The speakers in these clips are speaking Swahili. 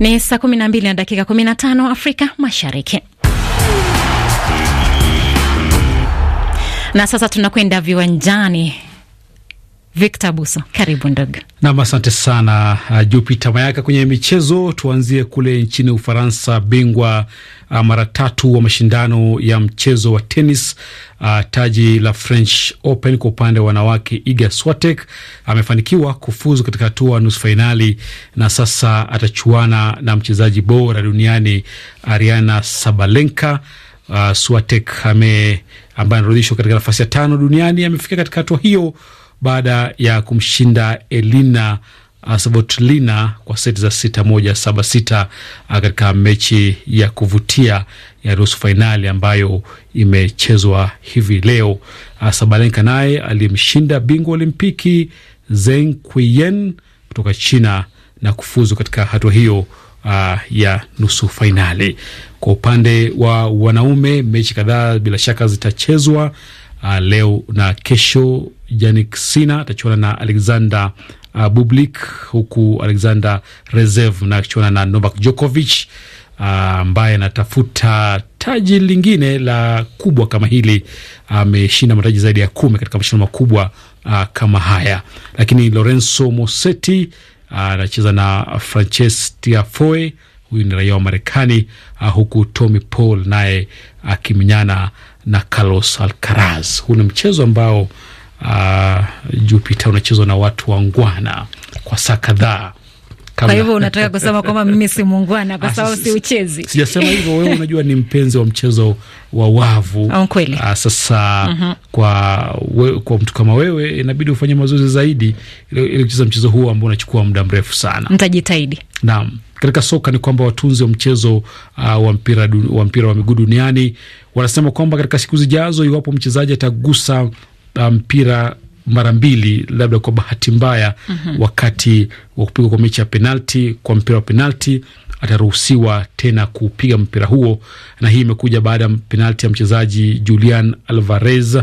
Ni saa 12 na dakika 15 Afrika Mashariki. Na sasa tunakwenda viwanjani Victor Buso, karibu ndugu. Nam, asante sana uh, Jupita Mayaka. Kwenye michezo tuanzie kule nchini Ufaransa, bingwa uh, mara tatu wa mashindano ya mchezo wa tenis uh, taji la French Open kwa upande wa wanawake, Iga Swiatek amefanikiwa kufuzu katika hatua nusu fainali na sasa atachuana na mchezaji bora duniani Ariana Sabalenka. Uh, Swiatek ambaye anarudishwa katika nafasi ya tano duniani amefika katika hatua hiyo baada ya kumshinda Elina uh, Sabotlina kwa seti za sita moja saba sita uh, katika mechi ya kuvutia ya nusu fainali ambayo imechezwa hivi leo. Uh, Sabalenka naye alimshinda bingwa Olimpiki Zeng Quyen kutoka China na kufuzu katika hatua hiyo Uh, ya nusu fainali. Kwa upande wa wanaume, mechi kadhaa bila shaka zitachezwa uh, leo na kesho. Jannik Sinner atachuana na Alexander uh, Bublik, huku Alexander Zverev na akichuana na Novak Djokovic ah, ambaye uh, anatafuta taji lingine la kubwa kama hili. Ameshinda uh, mataji zaidi ya kumi katika mashindano makubwa uh, kama haya, lakini Lorenzo Musetti anacheza uh, na Frances Tiafoe, huyu ni raia wa Marekani uh, huku Tommy Paul naye akimenyana uh, na Carlos Alcaraz. Huu ni mchezo ambao uh, Jupiter unachezwa na watu wangwana kwa saa kadhaa kwa hivyo unataka kusema kwamba mimi si muungwana kwa ah, sababu si uchezi? Sijasema hivyo. Wewe unajua ni mpenzi wa mchezo wa wavu. Ah, kweli. Ah, sasa mm -hmm. Kwa, we, kwa mtu kama wewe inabidi ufanye mazoezi zaidi ili kucheza mchezo huo ambao unachukua muda mrefu sana. Mtajitahidi. Naam. Katika soka ni kwamba watunzi wa mchezo uh, wa mpira wa mpira wa miguu duniani wanasema kwamba katika siku zijazo, iwapo mchezaji atagusa mpira mara mbili, labda kwa bahati mbaya mm -hmm. wakati wa kupigwa kwa mechi ya penalti, kwa mpira wa penalti ataruhusiwa tena kupiga mpira huo, na hii imekuja baada ya penalti ya mchezaji Julian Alvarez uh,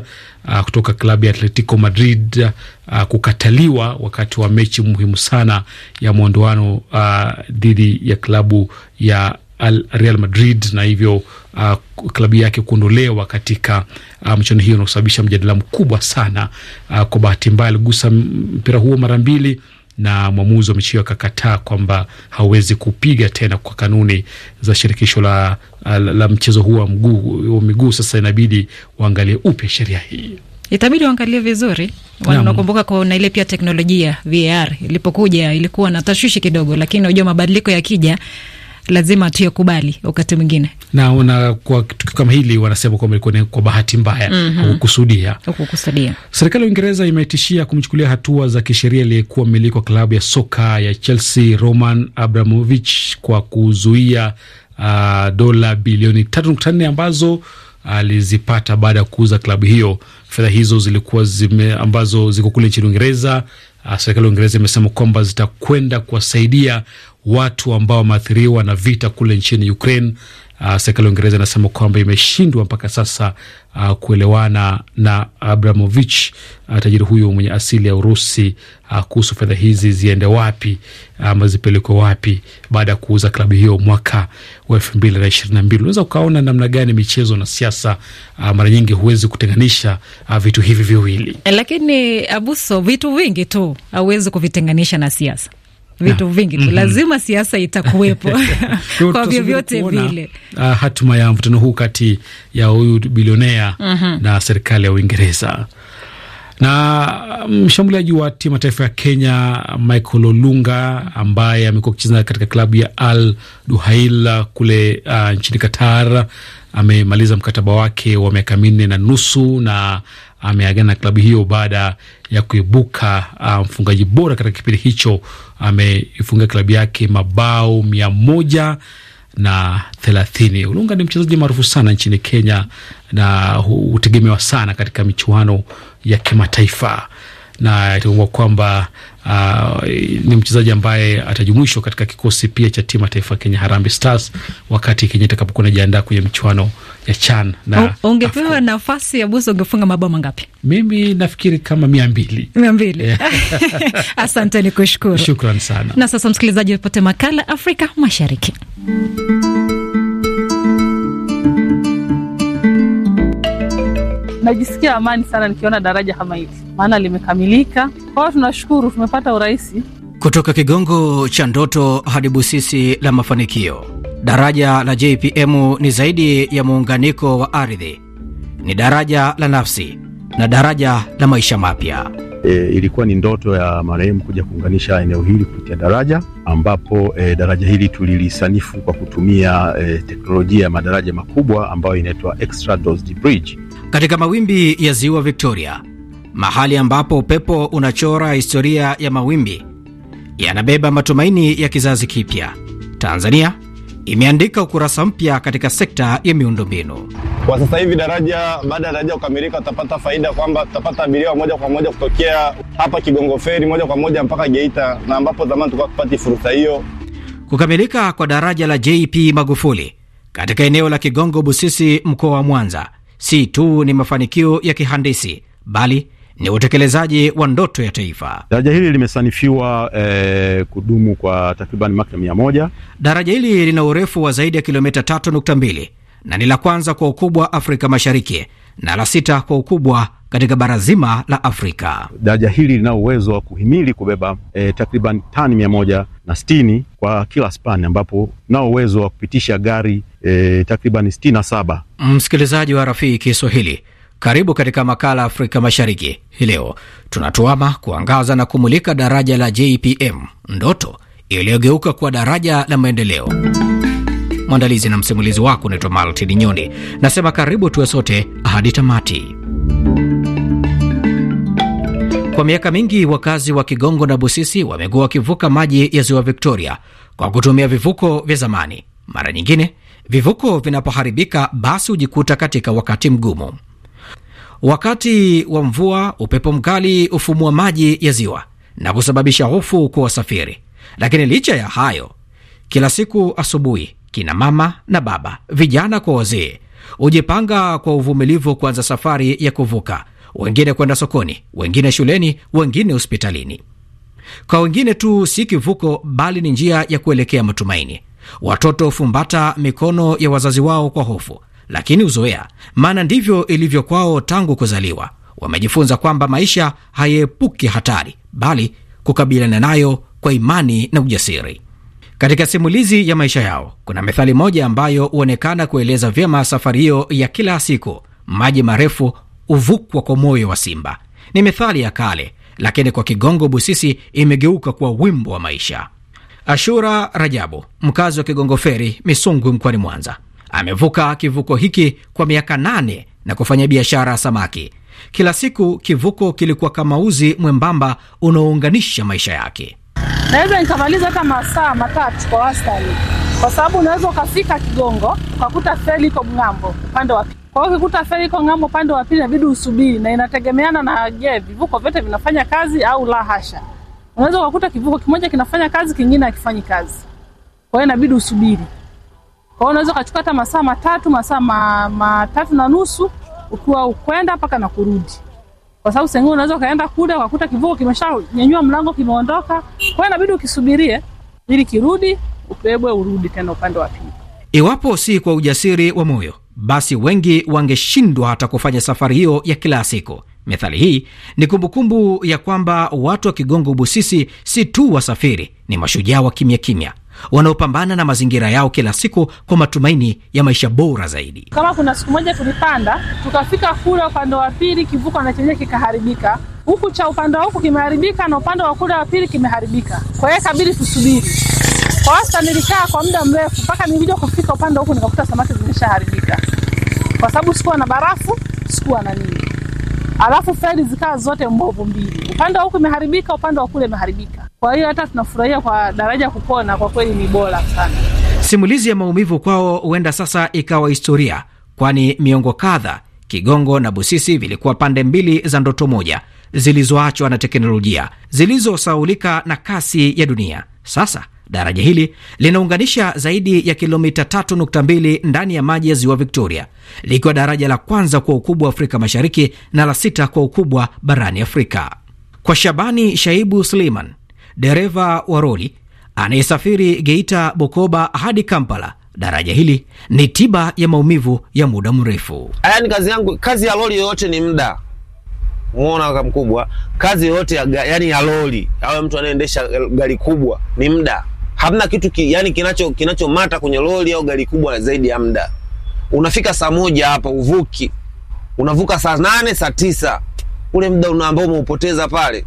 kutoka klabu ya Atletico Madrid uh, kukataliwa wakati wa mechi muhimu sana ya mwondoano uh, dhidi ya klabu ya al Real Madrid na hivyo uh, klabu yake kuondolewa katika uh, michuano hiyo na kusababisha mjadala mkubwa sana. Uh, kwa bahati mbaya aligusa mpira huo mara mbili na mwamuzi wa mechi hiyo akakataa kwamba hawezi kupiga tena kwa kanuni za shirikisho la, la, uh, la mchezo huo wa mguu wa miguu. Sasa inabidi waangalie upya sheria hii, itabidi waangalie vizuri. Unakumbuka kuna ile pia teknolojia VAR ilipokuja ilikuwa na tashwishi kidogo, lakini unajua mabadiliko yakija lazima tuyakubali wakati mwingine. Na una kwa tukio kama hili wanasema kwamba ilikuwa ni kwa bahati mbaya, mm -hmm. kukusudia kukusudia. Serikali ya Uingereza imetishia kumchukulia hatua za kisheria aliyekuwa mmiliki wa klabu ya soka ya Chelsea Roman Abramovich kwa kuzuia uh, dola bilioni 3.4 ambazo alizipata baada ya kuuza klabu hiyo. Fedha hizo zilikuwa zime, ambazo ziko kule nchini Uingereza. Uh, serikali ya Uingereza imesema kwamba zitakwenda kuwasaidia watu ambao wameathiriwa na vita kule nchini Ukraine. Uh, serikali ya Uingereza inasema kwamba imeshindwa mpaka sasa uh, kuelewana na Abramovich uh, tajiri huyo mwenye asili ya Urusi uh, kuhusu fedha hizi ziende wapi ama uh, zipelekwe wapi baada ya kuuza klabu hiyo mwaka wa elfu mbili na ishirini na mbili. Unaweza ukaona namna gani michezo na siasa uh, mara nyingi huwezi kutenganisha uh, vitu hivi viwili, eh, lakini abuso, vitu vingi tu hauwezi kuvitenganisha na siasa vitu ah. vingi tu, mm-hmm. lazima siasa itakuwepo kwa vyovyote vile. Uh, hatima ya mvutano huu kati ya huyu bilionea mm -hmm. na serikali ya Uingereza na mm, mshambuliaji wa timu taifa ya Kenya Michael Olunga ambaye amekuwa akicheza katika klabu ya Al Duhail kule uh, nchini Qatar amemaliza mkataba wake wa miaka minne na nusu na ameagana na klabu hiyo baada ya kuibuka uh, mfungaji um, bora katika kipindi hicho. Ameifungia klabu yake mabao mia moja na thelathini. ulunga ni mchezaji maarufu sana nchini Kenya na hutegemewa sana katika michuano ya kimataifa na itaungwa kwamba uh, ni mchezaji ambaye atajumuishwa katika kikosi pia cha timu ya taifa Kenya Harambee Stars wakati Kenya itakapokuwa najiandaa kwenye michuano ya CHAN. Na ungepewa nafasi ya buso, ungefunga mabao mangapi? Mimi nafikiri kama mia mbili mia mbili. Asante, ni kushukuru, shukran sana. Na sasa msikilizaji, apote makala Afrika Mashariki najisikia amani sana nikiona daraja kama hili, maana limekamilika. Kwa hiyo tunashukuru tumepata urahisi Kutoka kigongo cha ndoto hadi busisi la mafanikio, daraja la JPM ni zaidi ya muunganiko wa ardhi, ni daraja la nafsi na daraja la maisha mapya. E, ilikuwa ni ndoto ya marehemu kuja kuunganisha eneo hili kupitia daraja ambapo e, daraja hili tulilisanifu kwa kutumia e, teknolojia ya madaraja makubwa ambayo inaitwa extra bridge katika mawimbi ya ziwa Victoria, mahali ambapo upepo unachora historia ya mawimbi yanabeba matumaini ya kizazi kipya. Tanzania imeandika ukurasa mpya katika sekta ya miundombinu. Kwa sasa hivi daraja, baada ya daraja kukamilika, tutapata faida kwamba tutapata abiria moja kwa moja kutokea hapa Kigongo Feri moja kwa moja mpaka Geita, na ambapo zamani tulikuwa tupati fursa hiyo. Kukamilika kwa daraja la JP Magufuli katika eneo la Kigongo Busisi, mkoa wa Mwanza si tu ni mafanikio ya kihandisi bali ni utekelezaji wa ndoto ya taifa. Daraja hili limesanifiwa eh, kudumu kwa takriban maka mia moja. Daraja hili lina urefu wa zaidi ya kilomita 3.2 na ni la kwanza kwa ukubwa Afrika Mashariki na la sita kwa ukubwa katika bara zima la Afrika. Daraja hili lina uwezo wa kuhimili kubeba eh, takriban tani mia moja na sitini kwa kila spani, ambapo nao uwezo wa kupitisha gari e, takriban 67. Msikilizaji wa Rafii Kiswahili, karibu katika makala Afrika Mashariki. Hii leo tunatuama kuangaza na kumulika daraja la JPM, ndoto iliyogeuka kuwa daraja la maendeleo. Mwandalizi na msimulizi wako unaitwa maltini Nyoni. Nasema karibu tuwe sote hadi tamati. Kwa miaka mingi wakazi wa Kigongo na Busisi wamekuwa wakivuka maji ya ziwa Victoria kwa kutumia vivuko vya zamani, mara nyingine Vivuko vinapoharibika, basi hujikuta katika wakati mgumu. Wakati wa mvua, upepo mkali hufumua maji ya ziwa na kusababisha hofu kwa wasafiri. Lakini licha ya hayo, kila siku asubuhi, kina mama na baba, vijana kwa wazee, hujipanga kwa uvumilivu kuanza safari ya kuvuka, wengine kwenda sokoni, wengine shuleni, wengine hospitalini. Kwa wengine tu si kivuko, bali ni njia ya kuelekea matumaini. Watoto hufumbata mikono ya wazazi wao kwa hofu, lakini uzoea, maana ndivyo ilivyo kwao tangu kuzaliwa. Wamejifunza kwamba maisha hayaepuki hatari, bali kukabiliana nayo kwa imani na ujasiri. Katika simulizi ya maisha yao kuna methali moja ambayo huonekana kueleza vyema safari hiyo ya kila siku: maji marefu huvukwa kwa moyo wa simba. Ni methali ya kale lakini kwa Kigongo Busisi imegeuka kuwa wimbo wa maisha. Ashura Rajabu, mkazi wa Kigongo Feri, Misungwi, mkoani Mwanza, amevuka kivuko hiki kwa miaka nane na kufanya biashara ya samaki. Kila siku kivuko kilikuwa kama uzi mwembamba unaounganisha maisha yake naweza nikamaliza hata masaa matatu kwa wastani, kwa sababu unaweza ukafika Kigongo ukakuta feri iko ng'ambo upande wa pili. Kwa hiyo ukikuta feri iko ng'ambo upande wa pili, inabidi usubiri, na inategemeana na je, vivuko vyote vinafanya kazi au la hasha. Unaweza ukakuta kivuko kimoja kinafanya kazi, kingine hakifanyi kazi, kwa hiyo inabidi usubiri. Kwa hiyo unaweza ukachukua hata masaa matatu, masaa matatu na nusu ukiwa ukwenda mpaka na kurudi kwa sababu sengine unaweza ukaenda kule ukakuta kivuko kimeshanyanyua mlango kimeondoka, kwa inabidi ukisubirie ili kirudi, ubebwe, urudi tena upande wa pili. Iwapo si kwa ujasiri wa moyo, basi wengi wangeshindwa hata kufanya safari hiyo ya kila siku. Methali hii ni kumbukumbu ya kwamba watu wa Kigongo Busisi si tu wasafiri, ni mashujaa wa kimya kimya wanaopambana na mazingira yao kila siku kwa matumaini ya maisha bora zaidi. Kama kuna siku moja tulipanda tukafika kule upande wa pili, kivuko na chenyewe kikaharibika, huku cha upande wa huku kimeharibika na upande wa kule wa pili kimeharibika, kwa hiyo kabidi tusubiri. Kwa wasta nilikaa kwa muda mrefu mpaka nilija kufika upande wa huku nikakuta samaki zimeshaharibika kwa sababu sikuwa na barafu, sikuwa na nini, alafu feri zikaa zote mbovu mbili, upande wa huku imeharibika, upande wa kule imeharibika. Kwa hiyo hata tunafurahia kwa daraja kupona, kwa kweli ni bora sana. Simulizi ya maumivu kwao huenda sasa ikawa historia, kwani miongo kadha Kigongo na Busisi vilikuwa pande mbili za ndoto moja zilizoachwa na teknolojia zilizosaulika na kasi ya dunia. Sasa daraja hili linaunganisha zaidi ya kilomita 3.2 ndani ya maji ya ziwa Victoria, likiwa daraja la kwanza kwa ukubwa wa Afrika Mashariki na la sita kwa ukubwa barani Afrika. Kwa Shabani Shaibu Suleiman, dereva wa roli anayesafiri Geita, Bukoba hadi Kampala. Daraja hili ni tiba ya maumivu ya muda mrefu. Yani kazi yangu, kazi ya roli yoyote ni muda Unaona kaka mkubwa, kazi yoyote ya, yani ya roli awe mtu anayeendesha gari kubwa ni muda. Hamna kitu ki, yani kinacho kinachomata kwenye roli au gari kubwa zaidi ya muda. Unafika saa moja hapa uvuki, unavuka saa nane saa tisa ule muda ambao umeupoteza pale,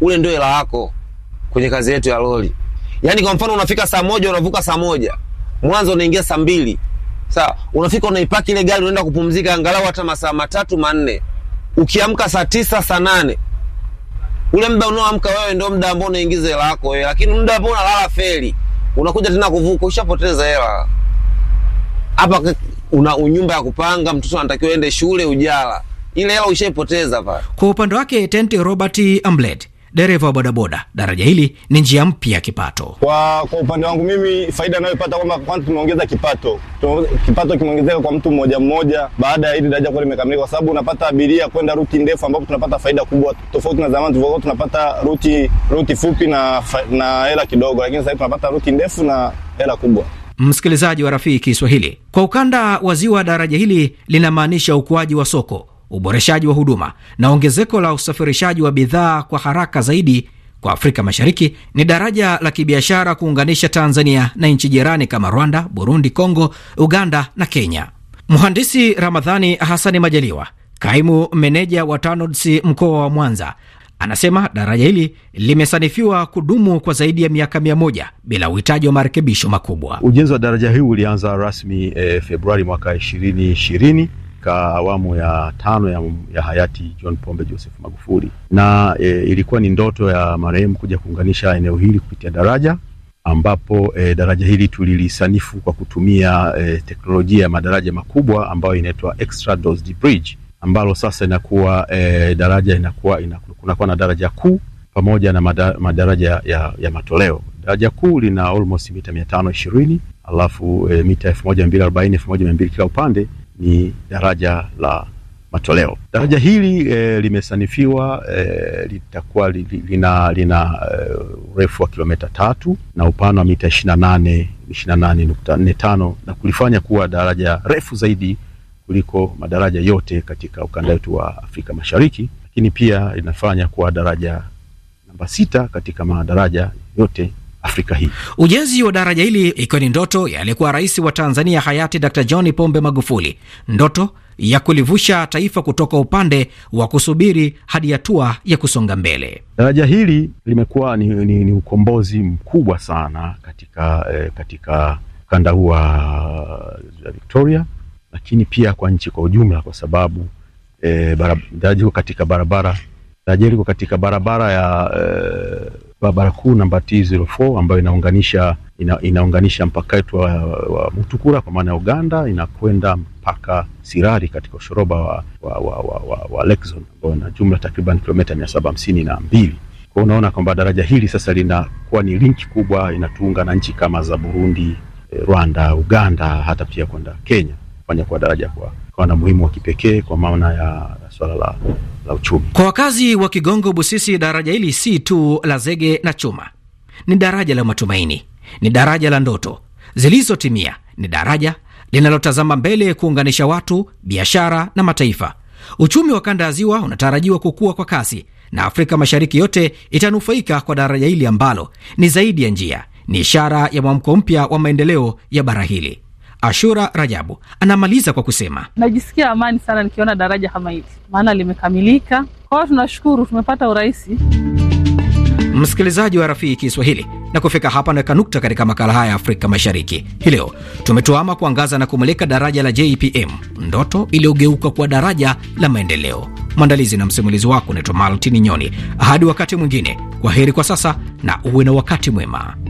ule ndio hela yako kwenye kazi yetu ya lori. Yaani kwa mfano unafika saa moja unavuka saa moja. Mwanzo unaingia saa mbili. Sawa, unafika unaipaki ile gari unaenda kupumzika angalau hata masaa matatu manne. Ukiamka saa tisa, saa nane. Ule muda unaoamka wewe ndio muda ambao unaingiza hela yako wewe, lakini muda ambao unalala feli, unakuja tena kuvuka, ushapoteza hela. Hapa una nyumba ya kupanga, mtoto anatakiwa aende shule, ujala ile hela ushaipoteza pale. Kwa upande wake Tenti Robert Amblet dereva wa bodaboda, daraja hili ni njia mpya ya kipato. Kwa, kwa upande wangu mimi faida anayopata kwamba kwanza tumeongeza kipato, kipato kimeongezeka kwa mtu mmoja mmoja baada ya hili daraja kuwa limekamilika, kwa sababu unapata abiria kwenda ruti ndefu, ambapo tunapata faida kubwa, tofauti na zamani tulivyokuwa tunapata ruti ruti fupi na na hela kidogo, lakini sasa tunapata ruti ndefu na hela kubwa. Msikilizaji wa rafiki Kiswahili, kwa ukanda wa ziwa daraja hili linamaanisha ukuaji wa soko uboreshaji wa huduma na ongezeko la usafirishaji wa bidhaa kwa haraka zaidi kwa Afrika Mashariki ni daraja la kibiashara kuunganisha Tanzania na nchi jirani kama Rwanda, Burundi, Kongo, Uganda na Kenya. Mhandisi Ramadhani Hasani Majaliwa, kaimu meneja wa TANROADS mkoa wa Mwanza, anasema daraja hili limesanifiwa kudumu kwa zaidi ya miaka mia moja bila uhitaji wa marekebisho makubwa. Ujenzi wa daraja hii ulianza rasmi e, Februari mwaka ishirini katika awamu ya tano ya, ya hayati John Pombe Joseph Magufuli, na e, ilikuwa ni ndoto ya marehemu kuja kuunganisha eneo hili kupitia daraja ambapo e, daraja hili tulilisanifu kwa kutumia e, teknolojia ya madaraja makubwa ambayo inaitwa extra dosed bridge, ambalo sasa inakuwa e, daraja inakuwa kunakuwa na daraja kuu pamoja na madara, madaraja ya, ya matoleo. Daraja kuu lina almost mita mia tano ishirini alafu e, mita elfu moja mia mbili arobaini elfu moja mia mbili kila upande, ni daraja la matoleo. Daraja hili e, limesanifiwa e, litakuwa li, lina, lina eh, urefu wa kilomita tatu na upana wa mita 28 28.45 na kulifanya kuwa daraja refu zaidi kuliko madaraja yote katika ukanda wetu wa Afrika Mashariki, lakini pia linafanya kuwa daraja namba sita katika madaraja yote Afrika hii. Ujenzi wa daraja hili ikiwa ni ndoto ya aliyekuwa rais wa Tanzania hayati Dr. John Pombe Magufuli, ndoto ya kulivusha taifa kutoka upande wa kusubiri hadi hatua ya kusonga mbele. Daraja hili limekuwa ni, ni, ni ukombozi mkubwa sana katika, eh, katika ukanda huu wa Victoria, lakini pia kwa nchi kwa ujumla, kwa sababu eh, daraja liko katika barabara daraja liko katika barabara ya eh, barabara kuu namba T04 ambayo inaunganisha ina, inaunganisha mpaka wetu wa, wa Mutukura kwa maana ya Uganda inakwenda mpaka Sirari katika ushoroba wa, wa, wa, wa, wa, wa Lexon ambayo ina jumla takriban kilomita mia saba hamsini na mbili. Kwa unaona kwamba daraja hili sasa linakuwa ni linki kubwa inatuunga na nchi kama za Burundi, eh, Rwanda, Uganda hata pia kwenda Kenya, kufanya kwa daraja kwa, kwa na muhimu wa kipekee kwa maana ya swala la la uchumi. Kwa wakazi wa Kigongo Busisi, daraja hili si tu la zege na chuma, ni daraja la matumaini, ni daraja la ndoto zilizotimia, ni daraja linalotazama mbele kuunganisha watu, biashara na mataifa. Uchumi wa kanda ya ziwa unatarajiwa kukua kwa kasi na Afrika Mashariki yote itanufaika kwa daraja hili ambalo ni zaidi ya njia, ni ishara ya mwamko mpya wa maendeleo ya bara hili. Ashura Rajabu anamaliza kwa kusema, najisikia amani sana nikiona daraja kama hili, maana limekamilika. Kwa hiyo tunashukuru tumepata urahisi. Msikilizaji wa Rafiki Kiswahili, na kufika hapa naweka nukta katika makala haya ya Afrika Mashariki hii leo. Tumetuama kuangaza na kumulika daraja la JPM, ndoto iliyogeuka kuwa daraja la maendeleo. Mwandalizi na msimulizi wako unaitwa Maltini Nyoni. Hadi wakati mwingine, kwa heri kwa sasa na uwe na wakati mwema.